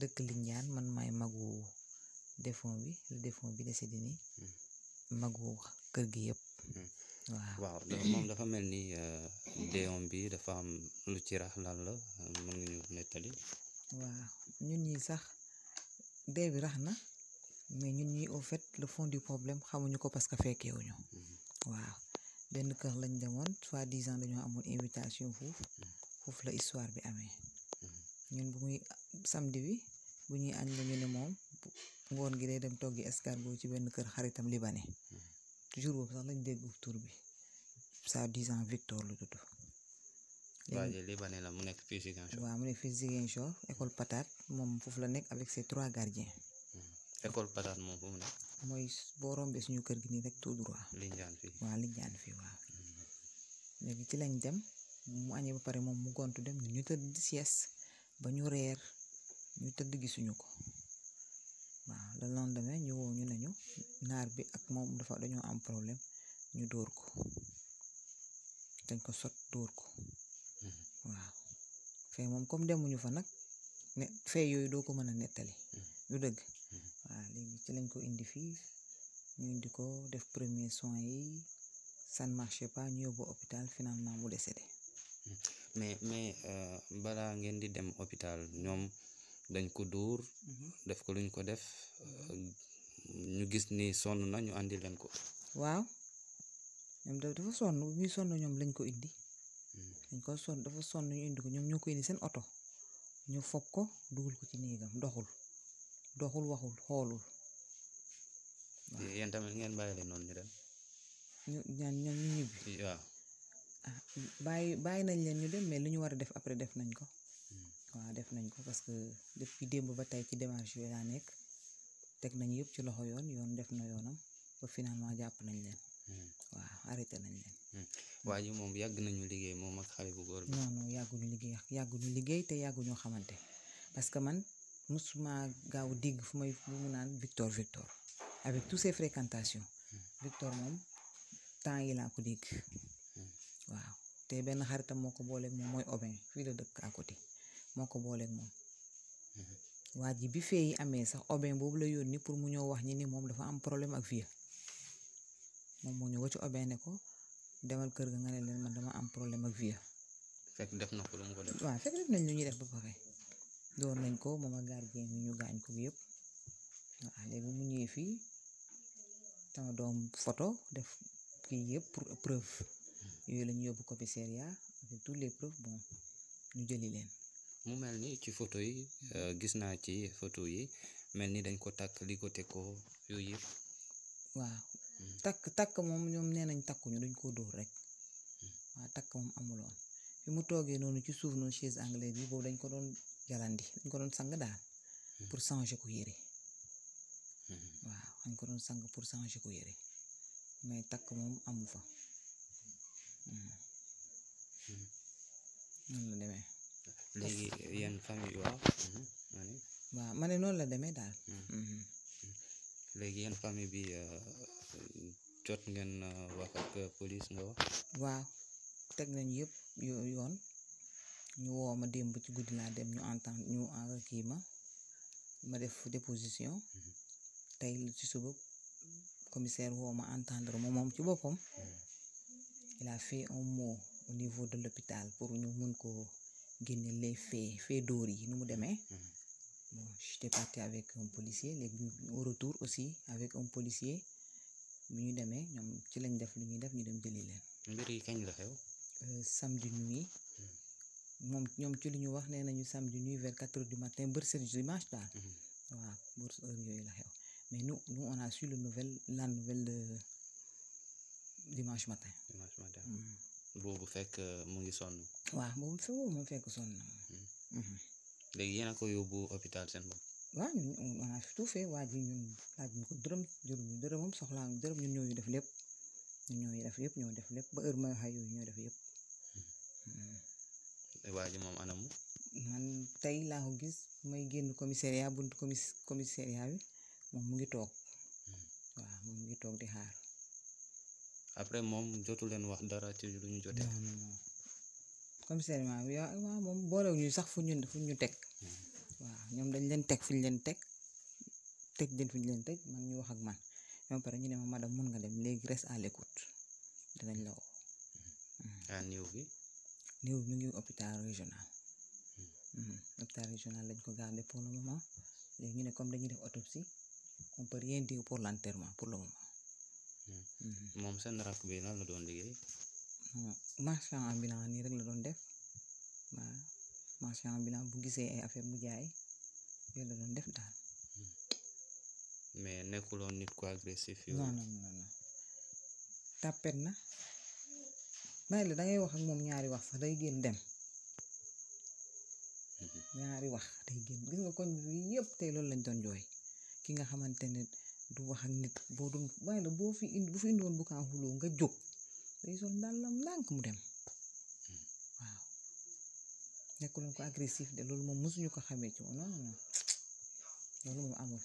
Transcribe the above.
dëkk Linjaan man maay magu défon bi le défon bi décédé ni hmm. magu kër gi yëpp hmm. waaw moom dafa mel ni euh, déom bi dafa am lu ci rax lan la mën nga ñu nettali waaw ñun ñi sax dee bi rax na mais ñun ñi au fait le fond du problème xamuñu ko parce que fekkeewuñu hmm. waaw benn kër lañ demoon soi-disant dañoo amoon invitation foofu foofu la histoire bi amee ñun bu muy samedi bi bu ñuy añ ba ñu ne moom ngoon gi day dem toggi escargot ci benn kër xaritam libanais jour boobu sax lañ dégg tur bi ça dix ans Victor lu tudd. waaye la mu nekk fii Ziguinchor. waaw mu nekk fii Ziguinchor la nekk avec ses trois gardiens. Hmm. école Patate moom fu mu nekk. mooy suñu kër gi nii rek tout droit. Linjaan fii waaw Linjaan fii waaw. Hmm. léegi ci lañ dem mu añee ba pare moom mu gontu dem ñu tëdd sieste ba ñu reer ñu tëdd gisuñu ko waaw le lendemain ñu woo nañu naar bi ak moom dafa dañoo am problème ñu dóor ko dañ ko sot dóor ko mm-hmm. waaw fee moom comme demuñu fa nag ne fee yooyu doo ko mën a nettali lu mm-hmm. dëgg mm-hmm. waaw léegi ci lañ ko indi fii ñu indi ko def premier soins yi ça ne marchait pas ñu yóbbu hôpital finalement mu décédé mais mais euh, balaa ngeen di dem hôpital ñoom dañ ko dóor mhm. def ko luñ ko def euh, ñu gis ni sonn na ñu andi leen ko waaw ñoom dafa sonn ñuy sonn ñoom lañ ko indi hmm. dañ ko sonn dafa sonn indi ko ñoom ko indi seen oto ñu fob ko dugul ko ci néegam doxul doxul waxul xoolul yéen tamit ngeen bàyyi leen noon ñu dem ñu ñaan ñoom ñu ñibbi waaw ah, bàyyi nañ leen ñu dem mais li ñu war a def après def nañ ko waaw def nañ ko parce que depuis démb ba tey ci démarche yooyu laa nekk teg nañ yëpp ci loxo yoon yoon def na yoonam ba finalement jàpp nañ leen. Hmm. waaw arrêté nañ leen. Hmm. waa ji moom yàgg nañu liggéey moom ak xale bu góor bi. non non yàgguñu liggéey yàgguñu liggéey te yàgguñoo xamante parce que man musuma gaaw dégg fu may fu naan Victor Victor avec tous ses fréquentations. Hmm. Victor moom temps yi waaw te benn xaritam moo ko booleeg moom mooy Obin fii la dëkk moo ko booleeg moom. Mhm. waa ji bi amee sax obin boobu la yónni pour mu ñëw wax ñi ni moom dafa am problème ak vie moom moo ñëw ba ci obin ne ko demal kër ga nga ne man dama am problème ak vie. fekk def na ko lu ko def. nañ ko moom ak gardien ñu gaañ ko yëpp waaw léegi mu ñëwee fii sama doom foto def kii yëpp pour preuve mhm. yooyu la ñu yóbbu commissariat avec toutes les preuves bon ñu jëli mu mel ni ci photo yi euh, gis naa ci photo yi mel ni dañ ko takk li ko te ko yooyu waaw hmm. takk takk moom ñoom nee nañ takkuñu dañ ko dóor rek hmm. waaw takk moom amuloon fi mu toogee noonu ci suuf noonu chaise anglaise bi boobu dañ ko doon jalandi dañ ko doon sang daal hmm. pour changer ko yére waaw dañ ko doon sang pour changer ko yére mais takk moom amu fa noonu la ak yéen famille waaw. Mhm. waaw ma ne noonu la demee daal. Mhm. Mhm. léegi yéen famille bi euh, jot ngeen euh, wax euh, police nga wax. teg nañu yëpp yoon ñu woo démb ci guddi laa dem ñu entendre ñu kii ma ma def déposition tey ci suba commissaire woo entendre moom ci boppam il a un mot au niveau de l'hôpital pour ñu mun ko génne fait fait dóor yi nu mu demee mhm. bon j'étais parti avec un policier léegi au retour aussi avec un policier mu ñu demee ñoom ci lañ def lu ñuy def ñu dem jëli leen. mbir yi kañ la xew. Euh, samedi nuit. Mhm. moom ñoom ci lu ñu wax nee nañu samedi nuit vers quatre heures du matin bër seen dimanche daal. Mhm. waaw bër la xew mais nous nous on a su nouvelle la nouvelle de dimanche matin. boobu fekk euh, mu ngi sonn. waaw boobu sa moom fekk sonn na hmm. mhm. léegi yéen a ko yóbbu hôpital seen bopp. waaw ñun on a waa ji ñun laaj ñu ko dërëm def lépp ñoo ñu def ñoo def lépp ba heure ma xay yooyu ñoo def yëpp. Hmm. Hmm. waa moom anamu. man tey laa ko gis may génn commissariat buntu commis commissariat bi moom mu ngi toog. waaw moom mu ngi toog di xaar. après moom jotu leen wax dara ci lu ñu jotee. commissariat bi ah, waaw moom boolewu ñu sax fu ñu fu ñu teg hmm. waaw ñoom dañ leen teg fu ñu leen teg teg leen fu ñu leen teg man ñu wax ak man ba pare ñu ne ma madame mun nga dem léegi reste à l'écoute danañ la woo. Hmm. ah néew bi. néew bi mu ngi hôpital régional. Hmm. hôpital régional lañ ko garder pour le moment léegi ñu ne comme dañuy def autopsie on peut rien pour l'enterrement pour le moment. Mm-hmm. moom seen rakk bi lan la doon liggéey. marchand ambulant nii rek la doon def waaw bu gisee ay affaire bu jaay yooyu la doon def daal. Mm-hmm. mais nekkuloon nit ku agressif. non non tàppet na may la da ngay wax ak moom ñaari wax sax day génn dem. Mm-hmm. ñaari wax day génn gis nga koñ bi yëpp tey loolu lañ doon jooy ki nga xamante ne. du wax ak nit boo doon waaye nag boo fi indi bu fi indi bu kaa nga jóg day sol ndàllam ndànk mu dem hmm. waaw nekkuloon ko agressif de loolu moom mosuñu ko xamee ci moom non loolu moom amul